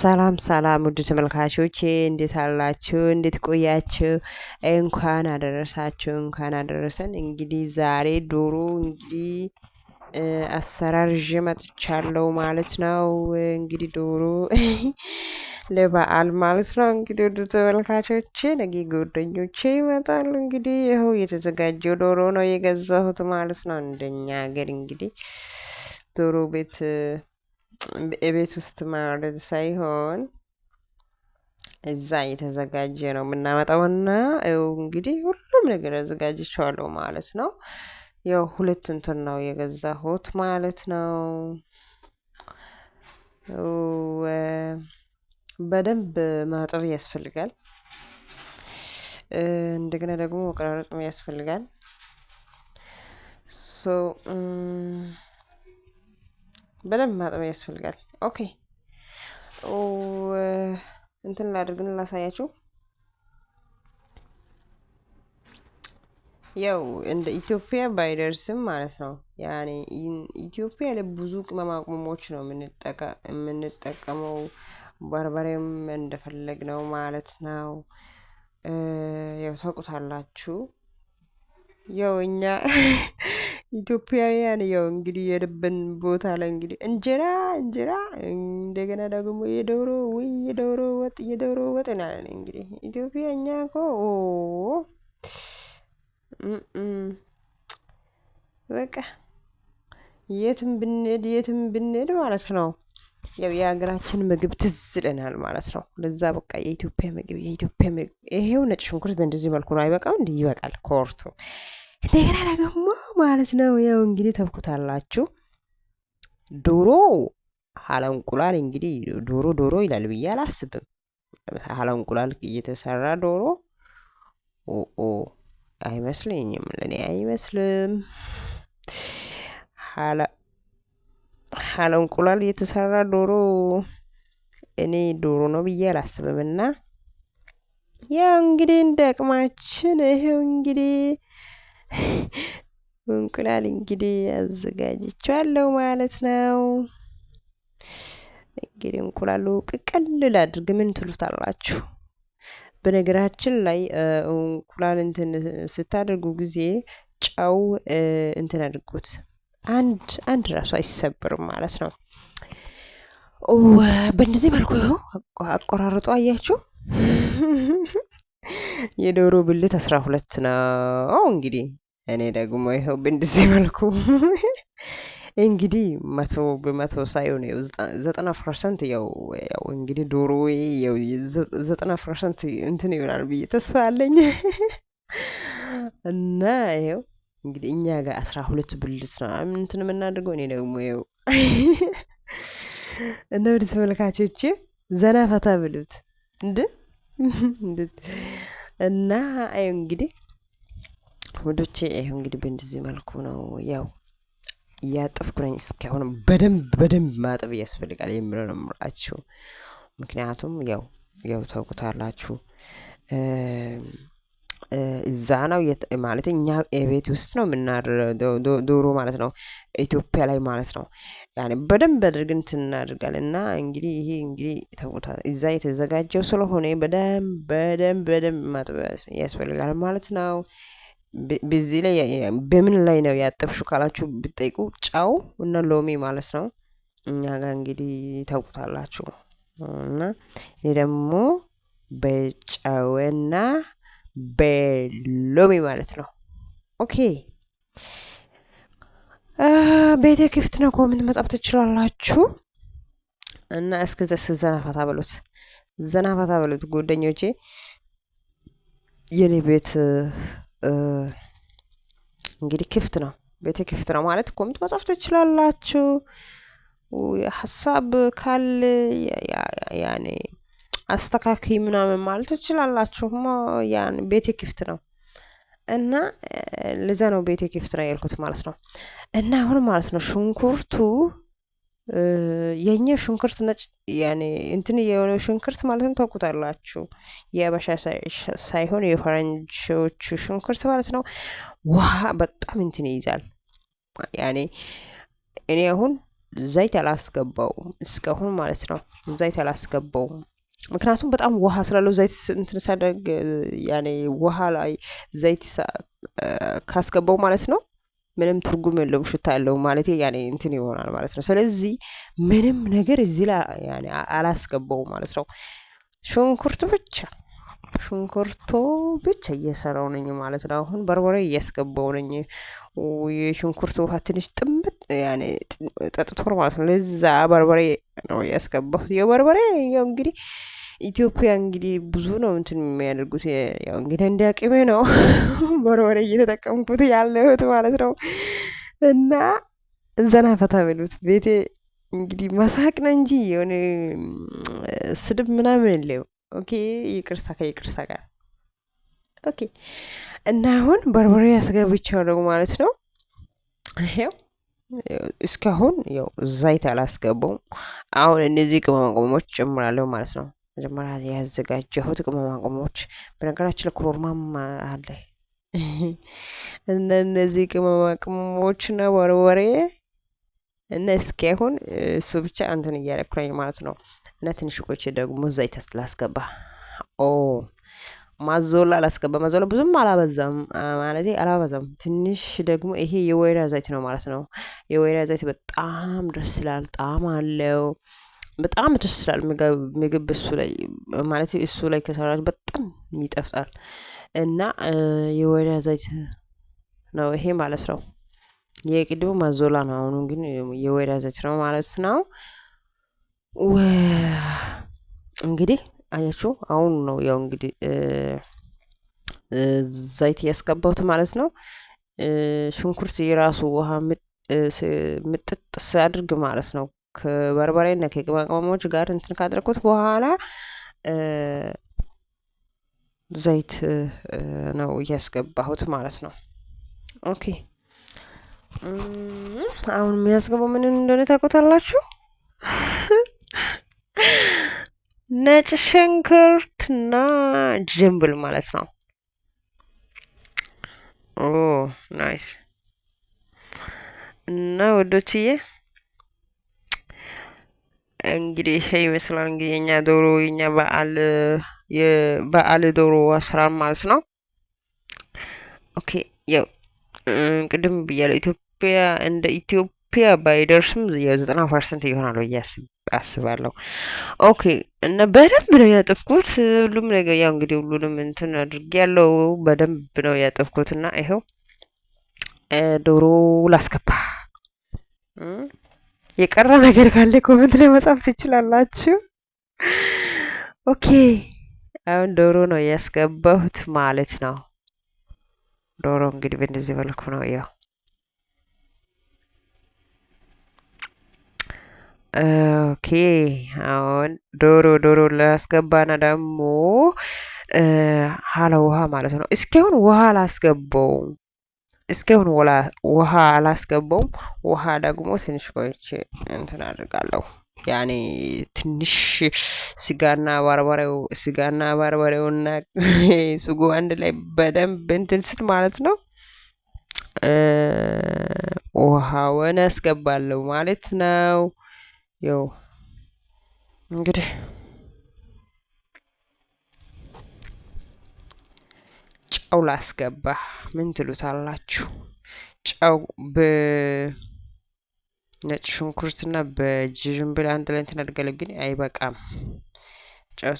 ሰላም ሰላም ውድ ተመልካቾቼ እንዴት አላችሁ? እንዴት ቆያችሁ? እንኳን አደረሳችሁ፣ እንኳን አደረሰን። እንግዲህ ዛሬ ዶሮ እንግዲህ አሰራር ይዤ መጥቻለሁ ማለት ነው። እንግዲህ ዶሮ ለበዓል ማለት ነው። እንግዲህ ውድ ተመልካቾቼ ነገ ጓደኞቼ ይመጣሉ። እንግዲህ ይኸው የተዘጋጀው ዶሮ ነው የገዛሁት ማለት ነው። እንደኛ ሀገር እንግዲህ ዶሮ ቤት የቤት ውስጥ ማረድ ሳይሆን እዛ እየተዘጋጀ ነው የምናመጣውና ይኸው እንግዲህ ሁሉም ነገር ያዘጋጅቸዋለሁ ማለት ነው። ያው ሁለት እንትን ነው የገዛሁት ማለት ነው። በደንብ ማጠብ ያስፈልጋል። እንደገና ደግሞ መቆራረጥም ያስፈልጋል። ሶ በደንብ ማጠብ ያስፈልጋል። ኦኬ እንትን ላድርግን ላሳያችሁ። ያው እንደ ኢትዮጵያ ባይደርስም ማለት ነው። ያኔ ኢትዮጵያ ለብዙ ቅመማ ቅመሞች ነው የምንጠቀመው። በርበሬም እንደፈለግ ነው ማለት ነው። ያው ታውቁታላችሁ። ያው እኛ ኢትዮጵያውያን ያው እንግዲህ የልብን ቦታ ላይ እንግዲህ እንጀራ እንጀራ እንደገና ደግሞ የዶሮ ወይ የዶሮ ወጥ የዶሮ ወጥ ናለን። እንግዲህ ኢትዮጵያ እኛ እኮ በቃ የትም ብንሄድ የትም ብንሄድ ማለት ነው ያው የሀገራችን ምግብ ትዝ ይለናል ማለት ነው። ለዛ በቃ የኢትዮጵያ ምግብ የኢትዮጵያ ምግብ ይሄው ነጭ ሽንኩርት በእንደዚህ መልኩ ነው። አይበቃም? እንዲህ ይበቃል። ኮርቱ እንደገና ደግሞ ማለት ነው ያው እንግዲህ ተብኩታላችሁ። ዶሮ ሀለ እንቁላል እንግዲህ ዶሮ ዶሮ ይላል ብዬ አላስብም። ሀለ እንቁላል እየተሰራ ዶሮ ኦ አይመስለኝም፣ ለእኔ አይመስልም። ሀለ እንቁላል እየተሰራ ዶሮ እኔ ዶሮ ነው ብዬ አላስብም። እና ያው እንግዲህ እንደ አቅማችን ይሄው እንግዲህ እንቁላል እንግዲህ አዘጋጅቻለሁ ማለት ነው። እንግዲህ እንቁላሉ ቅቅል አድርግ ምን ትሉታላችሁ? በነገራችን ላይ እንቁላል እንትን ስታደርጉ ጊዜ ጨው እንትን አድርጉት፣ አንድ አንድ ራሱ አይሰብርም ማለት ነው። በእንደዚህ መልኩ አቆራረጡ አያችሁ። የዶሮ ብልት አስራ ሁለት ነው እንግዲህ እኔ ደግሞ ይኸው በእንደዚህ መልኩ እንግዲህ መቶ በመቶ ሳይሆን ዘጠና ፐርሰንት ያው ያው እንግዲህ ዶሮ ያው ዘጠና ፐርሰንት እንትን ይሆናል ብዬ ተስፋ አለኝ እና ይኸው እንግዲህ እኛ ጋር አስራ ሁለት ብልት ነው እንትን የምናደርገው እኔ ደግሞ ይኸው እና ብድ ተመልካቾች ዘና ፈታ ብሉት እንደ እና አይ እንግዲህ ውዶቼ ይኸው እንግዲህ በእንደዚህ መልኩ ነው ያው እያጠፍኩ ነኝ። እስካሁን በደንብ በደንብ ማጠብ ያስፈልጋል የምለው ነው የምራችሁ። ምክንያቱም ያው ያው ታውቁታላችሁ እዛ ነው ማለት እኛ ቤት ውስጥ ነው የምናድረው ዶሮ ማለት ነው ኢትዮጵያ ላይ ማለት ነው። ያኔ በደንብ አድርገን እናደርጋለን እና እንግዲህ ይሄ እንግዲህ ተውታ እዛ የተዘጋጀው ስለሆነ በደንብ በደንብ በደንብ ማጥበስ ያስፈልጋል ማለት ነው። በዚህ ላይ በምን ላይ ነው ያጠብሽው ካላችሁ ብጠይቁ ጨው እና ሎሚ ማለት ነው። እኛ ጋር እንግዲህ ታውቁታላችሁ። እና እኔ ደግሞ በጨውና በሎሚ ማለት ነው። ኦኬ ቤቴ ክፍት ነው። ኮሜንት መጻፍ ትችላላችሁ። እና እስከዛ ዘና ፈታ በሉት፣ ዘና ፈታ በሉት ጓደኞቼ የኔ ቤት እንግዲህ ክፍት ነው፣ ቤቴ ክፍት ነው ማለት ኮሚት መጻፍ ትችላላችሁ። ሀሳብ ካለ ያኔ አስተካክይ ምናምን ማለት ትችላላችሁ። ያን ቤቴ ክፍት ነው እና ለዛ ነው ቤቴ ክፍት ነው ያልኩት ማለት ነው። እና አሁን ማለት ነው ሽንኩርቱ የኛ ሽንኩርት ነጭ ያኔ እንትን የሆነው ሽንኩርት ማለትም ታውቁታላችሁ። የበሻ ሳይሆን የፈረንጆቹ ሽንኩርት ማለት ነው። ውሃ በጣም እንትን ይይዛል። ያኔ እኔ አሁን ዘይት አላስገባውም እስካሁን ማለት ነው። ዘይት አላስገባውም ምክንያቱም በጣም ውሃ ስላለው ዘይት እንትን ሳደርግ ያኔ ውሃ ላይ ዘይት ካስገባው ማለት ነው ምንም ትርጉም የለውም። ሽታ ያለው ማለት ያኔ እንትን ይሆናል ማለት ነው። ስለዚህ ምንም ነገር እዚህ ላይ አላስገባው ማለት ነው። ሽንኩርቱ ብቻ ሽንኩርቶ ብቻ እየሰራው ነኝ ማለት ነው። አሁን በርበሬ እያስገባው ነኝ። የሽንኩርት ውሃ ትንሽ ጥምት ያኔ ጠጥቶር ማለት ነው። ለዛ በርበሬ ነው እያስገባሁት። የበርበሬ እንግዲህ ኢትዮጵያ እንግዲህ ብዙ ነው እንትን የሚያደርጉት ያው እንግዲህ እንደ አቅሜ ነው በርበሬ እየተጠቀምኩት ያለሁት ማለት ነው። እና ዘና ፈታ ብሉት ቤቴ እንግዲህ መሳቅ ነው እንጂ የሆነ ስድብ ምናምን የለው። ኦኬ ይቅርታ ከይቅርታ ጋር ኦኬ። እና አሁን በርበሬ አስገብቻለሁ ማለት ነው። ይሄው እስካሁን ያው ዘይት አላስገባውም። አሁን እነዚህ ቅመማ ቅመሞች ጨምራለሁ ማለት ነው። መጀመሪያ ያዘጋጀሁት ቅመማ ቅመሞች በነገራችን ላይ አለ አለ። እነዚህ ቅመማ ቅመሞች እና ወርወሬ እና እስኪ አሁን እሱ ብቻ አንተን እያደረኩ ማለት ነው። እና ትንሽ ቆይቼ ደግሞ ዘይት ላስገባ። ኦ ማዞላ ላስገባ። ማዞላ ብዙም አላበዛም ማለት አላበዛም። ትንሽ ደግሞ ይሄ የወይራ ዘይት ነው ማለት ነው። የወይራ ዘይት በጣም ደስ ይላል፣ ጣዕም አለው። በጣም ደስ ይላል ምግብ እሱ ላይ ማለት እሱ ላይ ከሰራች በጣም ይጠፍጣል እና የወይራ ዘይት ነው ይሄ ማለት ነው። የቅድሞ ማዞላ ነው። አሁኑ ግን የወይራ ዘይት ነው ማለት ነው። እንግዲህ አያችሁ አሁን ነው ያው እንግዲህ ዘይት እያስገባሁት ማለት ነው። ሽንኩርት የራሱ ውሃ ምጥጥ ሲያድርግ ማለት ነው ከበርበሬና ከቅመማ ቅመሞች ጋር እንትን ካደረኩት በኋላ ዘይት ነው እያስገባሁት ማለት ነው። ኦኬ አሁን የሚያስገባው ምንን እንደሆነ ታውቁታላችሁ? ነጭ እና ጅምብል ማለት ነው። ኦ ናይስ እና ወዶችዬ እንግዲህ ይሄ ይመስላል እንግዲህ የኛ ዶሮ የኛ በዓል የበዓል ዶሮ አሰራር ማለት ነው። ኦኬ ያው ቅድም ብያለሁ ኢትዮጵያ እንደ ኢትዮጵያ ባይደርስም የዘጠና ፐርሰንት ይሆናል ብዬ አስባለሁ። ኦኬ እና በደንብ ነው ያጠፍኩት ሁሉም ነገር ያው እንግዲህ ሁሉንም እንትን ያለው በደንብ ነው ያጠፍኩት እና ይኸው ዶሮ ላስገባ የቀረ ነገር ካለ ኮመንት ላይ መጻፍ ትችላላችሁ። ኦኬ አሁን ዶሮ ነው ያስገባሁት ማለት ነው። ዶሮ እንግዲህ በእንደዚህ መልኩ ነው ያው ኦኬ አሁን ዶሮ ዶሮ ላስገባና ደግሞ ሀለ ውሃ ማለት ነው። እስኪ አሁን ውሃ ላስገባው እስካሁን ውሃ አላስገባውም። ውሃ ደግሞ ትንሽ ቆይቼ እንትን አድርጋለሁ። ያኔ ትንሽ ስጋና በርበሬው ስጋና በርበሬውና ስጉ አንድ ላይ በደንብ እንትን ስት ማለት ነው ውሃውን አስገባለሁ ማለት ነው። ያው እንግዲህ ጨው ላስገባ። ምን ትሉታላችሁ? ጨው በነጭ ሽንኩርት ሽንኩርትና በጅንብል አንድ ላይ እንትን አድርጋለሁ፣ ግን አይበቃም። ጨው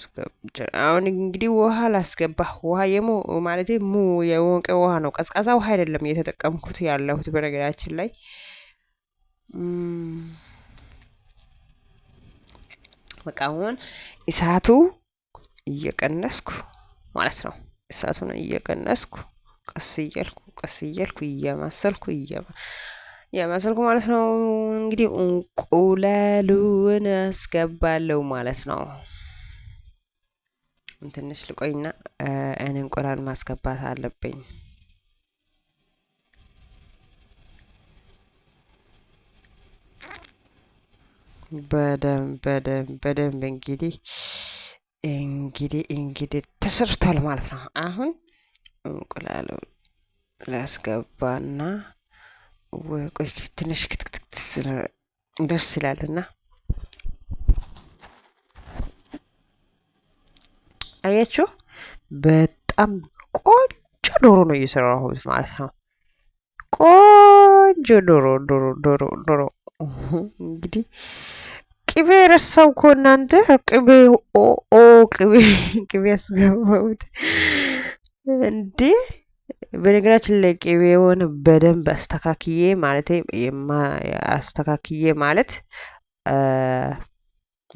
አሁን እንግዲህ ውሃ ላስገባ። ውሃ የሞ ማለት ሙ የሞቀ ውሃ ነው፣ ቀዝቃዛ ውሃ አይደለም እየተጠቀምኩት ያለሁት በነገራችን ላይ በቃ አሁን እሳቱ እየቀነስኩ ማለት ነው። እሳቱን እየቀነስኩ ቀስ እያልኩ ቀስ እያልኩ እያማሰልኩ እያማሰልኩ ማለት ነው። እንግዲህ እንቁላሉን አስገባለሁ ማለት ነው። ትንሽ ልቆይና እኔ እንቁላል ማስገባት አለብኝ። በደንብ በደንብ በደንብ እንግዲህ እንግዲህ እንግዲህ ተሰርቷል ማለት ነው። አሁን እንቁላሉ ላስገባና ቆይ ትንሽ ክትክትክት ደስ ይላልና አያችሁ፣ በጣም ቆንጆ ዶሮ ነው እየሰራሁት ማለት ነው። ቆንጆ ዶሮ ዶሮ ዶሮ ዶሮ እንግዲህ ቅቤ ረሳው እኮ እናንተ ቅቤ ኦ ቅቤ ቅቤ ያስገባሁት እንዴ። በነገራችን ላይ ቅቤውን በደንብ አስተካክዬ ማለት አስተካክዬ ማለት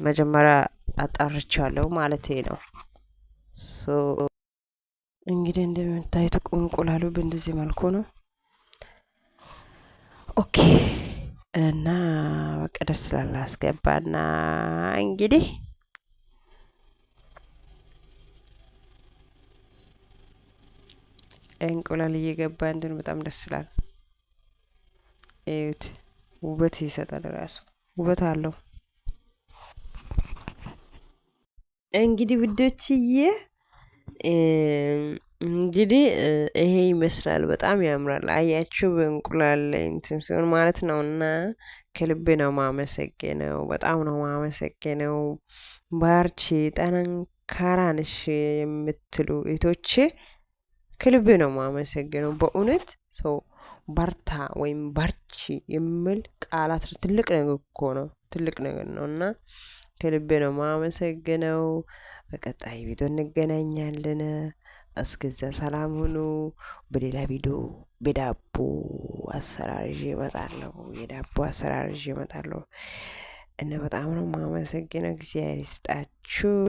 መጀመሪያ አጣርቻለሁ ማለት ነው። እንግዲህ እንደምታዩት እንቁላሉ በእንደዚህ መልኩ ነው። ኦኬ እና ድረስ ስላላስገባና እንግዲህ እንቁላል እየገባ እንትን በጣም ደስ ይላል። እዩት፣ ውበት ይሰጣል። ራሱ ውበት አለው። እንግዲህ ውዶችዬ እንግዲህ ይሄ ይመስላል። በጣም ያምራል። አያችሁ በእንቁላል እንትን ሲሆን ማለት ነው። እና ከልብ ነው ማመሰግነው። በጣም ነው ማመሰግነው። ባርቺ፣ ጠንካራ ነሽ የምትሉ እህቶቼ ከልብ ነው ማመሰግነው። በእውነት ሰው ባርታ ወይም ባርቺ የሚል ቃላት ትልቅ ነገር እኮ ነው። ትልቅ ነገር ነው እና ከልብ ነው ማመሰግነው። በቀጣይ ቪዲዮ እንገናኛለን። እስከዚያ ሰላም ሁኑ። በሌላ ቪዲዮ በዳቦ አሰራር ይዤ እመጣለሁ። የዳቦ አሰራር ይዤ እመጣለሁ እና በጣም ነው የማመሰግነው። እግዚአብሔር ይስጣችሁ።